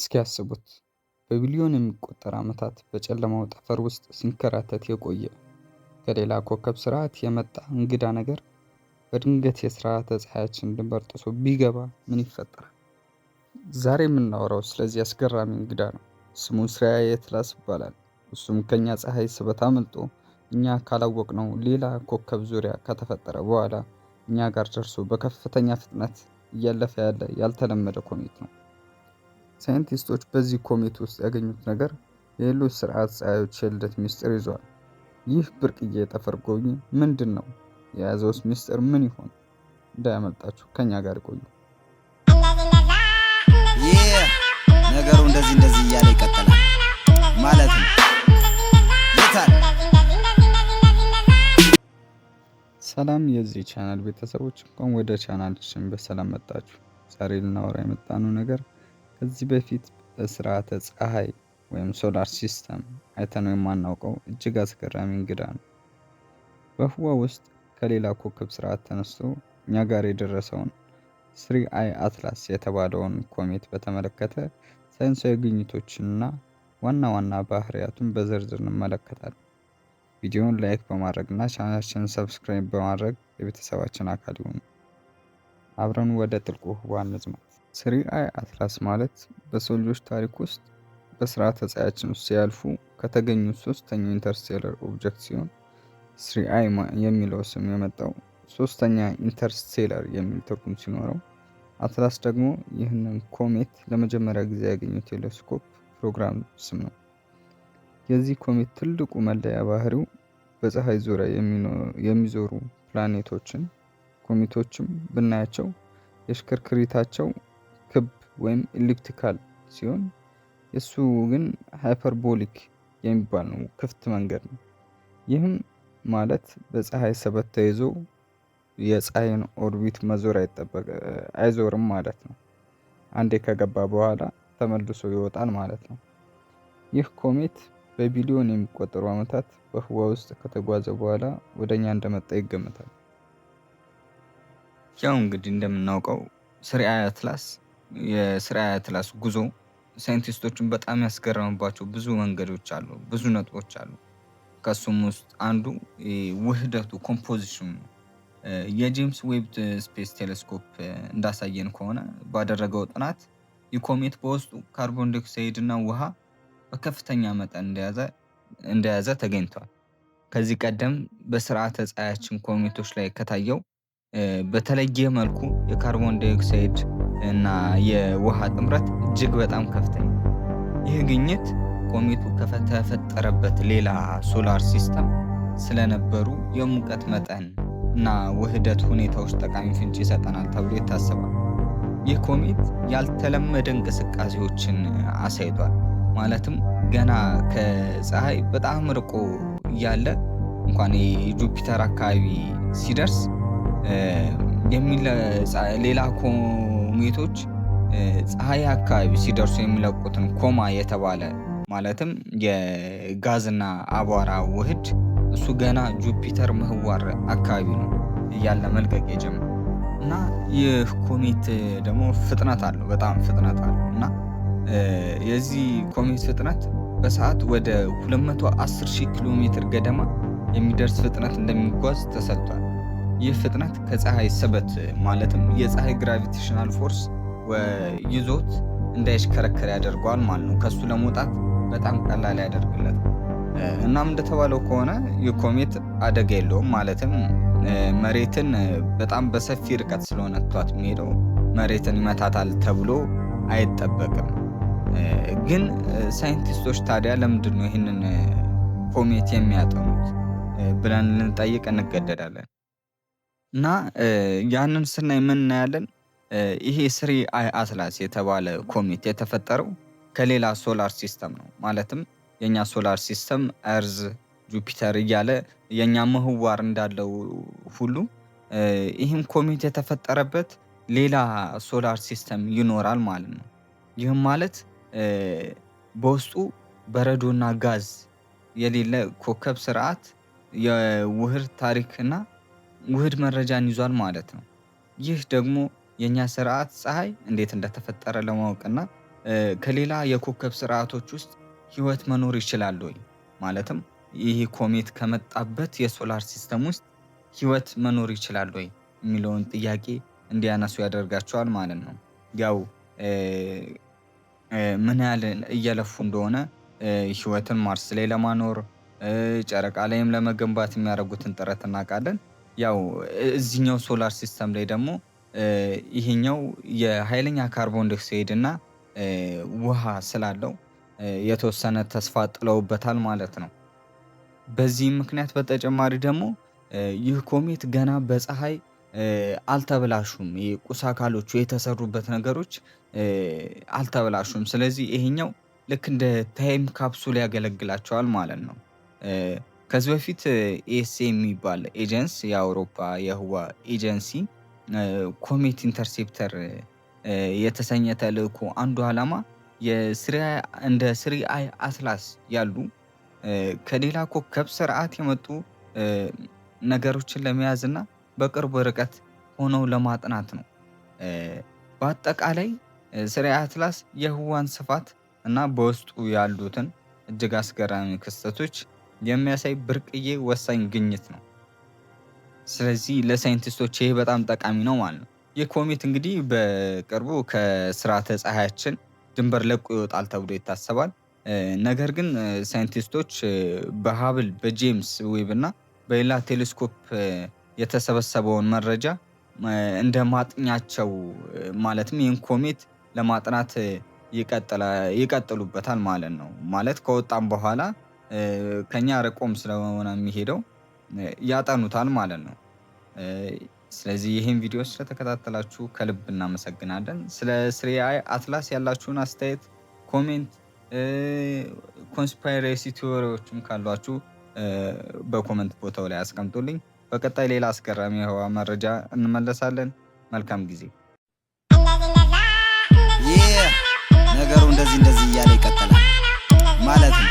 እስኪ ያስቡት በቢሊዮን የሚቆጠር ዓመታት በጨለማው ጠፈር ውስጥ ሲንከራተት የቆየ ከሌላ ኮከብ ስርዓት የመጣ እንግዳ ነገር በድንገት የስርዓተ ፀሐያችን ድንበር ጥሶ ቢገባ ምን ይፈጠራል? ዛሬ የምናወራው ስለዚህ አስገራሚ እንግዳ ነው። ስሙ ስሪያ የትላስ ይባላል። እሱም ከእኛ ፀሐይ ስበት አምልጦ እኛ ካላወቅነው ሌላ ኮከብ ዙሪያ ከተፈጠረ በኋላ እኛ ጋር ደርሶ በከፍተኛ ፍጥነት እያለፈ ያለ ያልተለመደ ኮሜት ነው። ሳይንቲስቶች በዚህ ኮሜት ውስጥ ያገኙት ነገር የሌሎች ስርዓት ፀሐዮች የልደት ምስጢር ይዟል። ይህ ብርቅዬ የጠፈር ጎብኚ ምንድን ነው? የያዘውስ ሚስጥር ምን ይሆን? እንዳያመልጣችሁ፣ ከኛ ጋር ይቆዩ። ይህ ነገሩ እንደዚህ እንደዚህ እያለ ይቀጥላል ማለት ነው። ሰላም የዚህ ቻናል ቤተሰቦች፣ እንኳን ወደ ቻናልችን በሰላም መጣችሁ። ዛሬ ልናወራ የመጣነው ነገር ከዚህ በፊት በስርዓተ ፀሐይ ወይም ሶላር ሲስተም አይተነው የማናውቀው እጅግ አስገራሚ እንግዳ ነው። በህዋ ውስጥ ከሌላ ኮከብ ስርዓት ተነስቶ እኛ ጋር የደረሰውን ስሪ አይ አትላስ የተባለውን ኮሜት በተመለከተ ሳይንሳዊ ግኝቶችንና ዋና ዋና ባህሪያቱን በዝርዝር እንመለከታለን። ቪዲዮውን ላይክ በማድረግና ቻናላችንን ሰብስክራይብ በማድረግ የቤተሰባችን አካል ይሁኑ። አብረን ወደ ጥልቁ ህዋ እንዝመር። ስሪአይ አትላስ ማለት በሰው ልጆች ታሪክ ውስጥ በስርዓተ ፀሐያችን ውስጥ ሲያልፉ ከተገኙት ሶስተኛው ኢንተርስቴለር ኦብጀክት ሲሆን ስሪአይ የሚለው ስም የመጣው ሶስተኛ ኢንተርስቴለር የሚል ትርጉም ሲኖረው አትላስ ደግሞ ይህንን ኮሜት ለመጀመሪያ ጊዜ ያገኘው ቴሌስኮፕ ፕሮግራም ስም ነው። የዚህ ኮሜት ትልቁ መለያ ባህሪው በፀሐይ ዙሪያ የሚዞሩ ፕላኔቶችን ኮሜቶችም ብናያቸው የሽክርክሪታቸው ወይም ኤሊፕቲካል ሲሆን የእሱ ግን ሃይፐርቦሊክ የሚባል ነው፣ ክፍት መንገድ ነው። ይህም ማለት በፀሐይ ሰበት ተይዞ የፀሐይን ኦርቢት መዞር አይዞርም ማለት ነው። አንዴ ከገባ በኋላ ተመልሶ ይወጣል ማለት ነው። ይህ ኮሜት በቢሊዮን የሚቆጠሩ ዓመታት በህዋ ውስጥ ከተጓዘ በኋላ ወደ እኛ እንደመጣ ይገመታል። ያው እንግዲህ እንደምናውቀው ስሪ አትላስ የስራ አትላስ ጉዞ ሳይንቲስቶችን በጣም ያስገረመባቸው ብዙ መንገዶች አሉ፣ ብዙ ነጥቦች አሉ። ከሱም ውስጥ አንዱ ውህደቱ ኮምፖዚሽኑ ነው። የጄምስ ዌብ ስፔስ ቴሌስኮፕ እንዳሳየን ከሆነ ባደረገው ጥናት የኮሜት በውስጡ ካርቦን ዲኦክሳይድ እና ውሃ በከፍተኛ መጠን እንደያዘ ተገኝቷል። ከዚህ ቀደም በስርዓተ ፀሐያችን ኮሜቶች ላይ ከታየው በተለየ መልኩ የካርቦን ዳይኦክሳይድ እና የውሃ ጥምረት እጅግ በጣም ከፍተኛ። ይህ ግኝት ኮሜቱ ከተፈጠረበት ሌላ ሶላር ሲስተም ስለነበሩ የሙቀት መጠን እና ውህደት ሁኔታዎች ጠቃሚ ፍንጭ ይሰጠናል ተብሎ ይታሰባል። ይህ ኮሜት ያልተለመደ እንቅስቃሴዎችን አሳይቷል። ማለትም ገና ከፀሐይ በጣም ርቆ እያለ እንኳን የጁፒተር አካባቢ ሲደርስ ሌላ ሜቶች ፀሐይ አካባቢ ሲደርሱ የሚለቁትን ኮማ የተባለ ማለትም የጋዝና አቧራ ውህድ እሱ ገና ጁፒተር ምህዋር አካባቢ ነው እያለ መልቀቅ የጀመረ እና ይህ ኮሜት ደግሞ ፍጥነት አለው፣ በጣም ፍጥነት አለው እና የዚህ ኮሜት ፍጥነት በሰዓት ወደ 210 ኪሎ ሜትር ገደማ የሚደርስ ፍጥነት እንደሚጓዝ ተሰጥቷል። ይህ ፍጥነት ከፀሐይ ስበት ማለትም የፀሐይ ግራቪቴሽናል ፎርስ ይዞት እንዳይሽከረከር ያደርገዋል ማለት ነው። ከሱ ለመውጣት በጣም ቀላል ያደርግለት። እናም እንደተባለው ከሆነ የኮሜት አደጋ የለውም ማለትም መሬትን በጣም በሰፊ ርቀት ስለሆነ ትቷት የሚሄደው መሬትን ይመታታል ተብሎ አይጠበቅም። ግን ሳይንቲስቶች ታዲያ ለምንድን ነው ይህንን ኮሜት የሚያጠኑት ብለን ልንጠይቅ እንገደዳለን። እና ያንን ስናይ ምን እናያለን? ይሄ ስሪ አይ አትላስ የተባለ ኮሜት የተፈጠረው ከሌላ ሶላር ሲስተም ነው። ማለትም የእኛ ሶላር ሲስተም እርዝ፣ ጁፒተር እያለ የእኛ ምህዋር እንዳለው ሁሉ ይህም ኮሜት የተፈጠረበት ሌላ ሶላር ሲስተም ይኖራል ማለት ነው። ይህም ማለት በውስጡ በረዶና ጋዝ የሌለ ኮከብ ስርዓት የውህድ ታሪክና ውህድ መረጃን ይዟል ማለት ነው። ይህ ደግሞ የእኛ ስርዓት ፀሐይ እንዴት እንደተፈጠረ ለማወቅና ከሌላ የኮከብ ስርዓቶች ውስጥ ህይወት መኖር ይችላል ወይ ማለትም ይህ ኮሜት ከመጣበት የሶላር ሲስተም ውስጥ ህይወት መኖር ይችላል ወይ የሚለውን ጥያቄ እንዲያነሱ ያደርጋቸዋል ማለት ነው። ያው ምን ያህል እየለፉ እንደሆነ ህይወትን ማርስ ላይ ለማኖር ጨረቃ ላይም ለመገንባት የሚያደርጉትን ጥረት እናውቃለን። ያው እዚህኛው ሶላር ሲስተም ላይ ደግሞ ይሄኛው የኃይለኛ ካርቦን ዲኦክሳይድ እና ውሃ ስላለው የተወሰነ ተስፋ ጥለውበታል ማለት ነው። በዚህም ምክንያት በተጨማሪ ደግሞ ይህ ኮሜት ገና በፀሐይ አልተበላሹም። ቁስ አካሎቹ የተሰሩበት ነገሮች አልተበላሹም። ስለዚህ ይሄኛው ልክ እንደ ታይም ካፕሱል ያገለግላቸዋል ማለት ነው። ከዚህ በፊት ኤስ የሚባል ኤጀንስ የአውሮፓ የህዋ ኤጀንሲ ኮሜት ኢንተርሴፕተር የተሰኘ ተልእኮ አንዱ ዓላማ እንደ ስሪአይ አትላስ ያሉ ከሌላ ኮከብ ስርዓት የመጡ ነገሮችን ለመያዝ እና በቅርብ ርቀት ሆነው ለማጥናት ነው። በአጠቃላይ ስሪአይ አትላስ የህዋን ስፋት እና በውስጡ ያሉትን እጅግ አስገራሚ ክስተቶች የሚያሳይ ብርቅዬ ወሳኝ ግኝት ነው። ስለዚህ ለሳይንቲስቶች ይሄ በጣም ጠቃሚ ነው ማለት ነው። ይህ ኮሜት እንግዲህ በቅርቡ ከስርዓተ ፀሐያችን ድንበር ለቆ ይወጣል ተብሎ ይታሰባል። ነገር ግን ሳይንቲስቶች በሀብል በጄምስ ዌብ እና በሌላ ቴሌስኮፕ የተሰበሰበውን መረጃ እንደ ማጥኛቸው ማለትም ይህን ኮሜት ለማጥናት ይቀጥሉበታል ማለት ነው። ማለት ከወጣም በኋላ ከኛ ርቆም ስለሆነ የሚሄደው ያጠኑታል ማለት ነው። ስለዚህ ይህን ቪዲዮ ስለተከታተላችሁ ከልብ እናመሰግናለን። ስለ ስሪአይ አትላስ ያላችሁን አስተያየት፣ ኮሜንት፣ ኮንስፓይሬሲ ቲዎሪዎችም ካሏችሁ በኮመንት ቦታው ላይ አስቀምጡልኝ። በቀጣይ ሌላ አስገራሚ የህዋ መረጃ እንመለሳለን። መልካም ጊዜ። ነገሩ እንደዚህ እንደዚህ እያለ ይቀጥላል ማለት ነው።